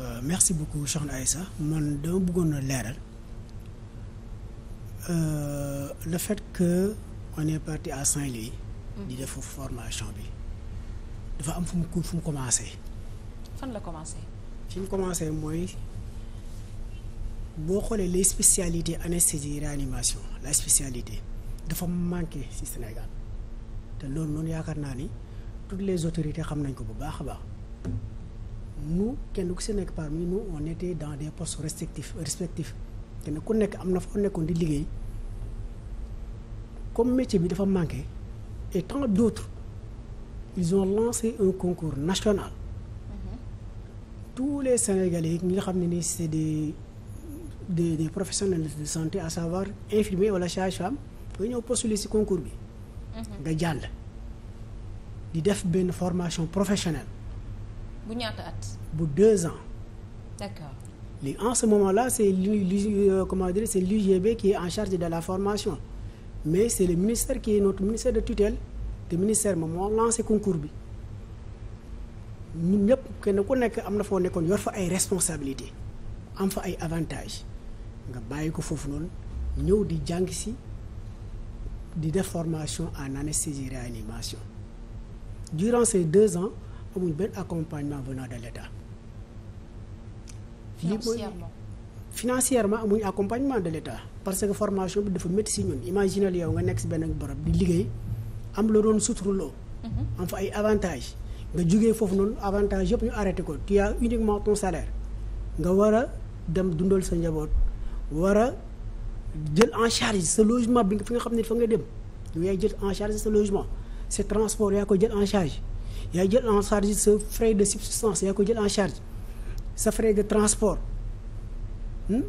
Euh, merci beaucoup soxna sax man dama bëggoon a leeral euh, le fait que on est parti à Saint-Louis. di def formation bi dafa am fu mu fu mu commencé. fan la commencé. fi mu commencé mooy boo xoolee les spécialités anesthésie réanimation la spécialité dafa manqué ci Sénégal te loolu noonu yaakaar naa ni toutes les autorités xam nañ ko bu baax a baax. nous kenn ku si nekk parmi nous on était dans des postes respectifs respectifs kenn ku nekk am na foo nekkoon di liggéey comme métier bi dafa manqué et tant d'autres ils ont lancé un concours national mm-hmm. tous les Sénégalais yi nga xam ne ni c'est des des des professionnels de santé à savoir infirmier wala sage-femme nga ñëw postuler ci concours bi. Mm-hmm. nga jàll. di def benn formation professionnelle. bu ñaata at. bu deux ans. d'accord. li en ce la là c'est l'U euh, comment dire c'est l'UGB qui en charge de la formation mais c'est le ministère ki est notre ministère de tutelle te ministère moom moo lancé concours bi ñu ñëpp kenn ku nekk am na foo nekkoon yor fa ay responsabilité am fa ay avantages nga bàyyi ko foofu noonu ñëw di jàng si di def formation en anesthésie réanimation durant ces deux ans. amuñ benn accompagnement venant de l'État. financièrement financièrement amuñ accompagnement de l'État parce que formation bi dafa métti si ñun imaginal yow nga nekk si benn barab di liggéey am la doon suturloo. Mhm. am fa ay avantages nga jugee foofu noonu avantage yëpp ñu arrêté ko tu as uniquement ton salaire nga war a dem dundal sa njaboot war jël en charge sa logement bi fi nga xam ne fa nga dem yow yaay jël en charge sa logement sa transport yaa ko jël en yaay jël en charge sa frais de subsistance yaa ko jël en charge sa frais de transport hmm?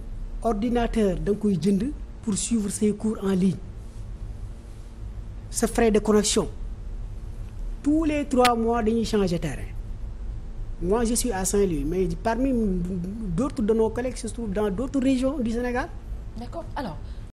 ordinateur da nga koy jënd pour suivre ses cours en ligne sa frais de connexion tous les trois mois dañuy changer terrain moi je suis à saint mais parmi d'autres dootu nos collègues se trouvent dans dootu régions du Sénégal d'accord alors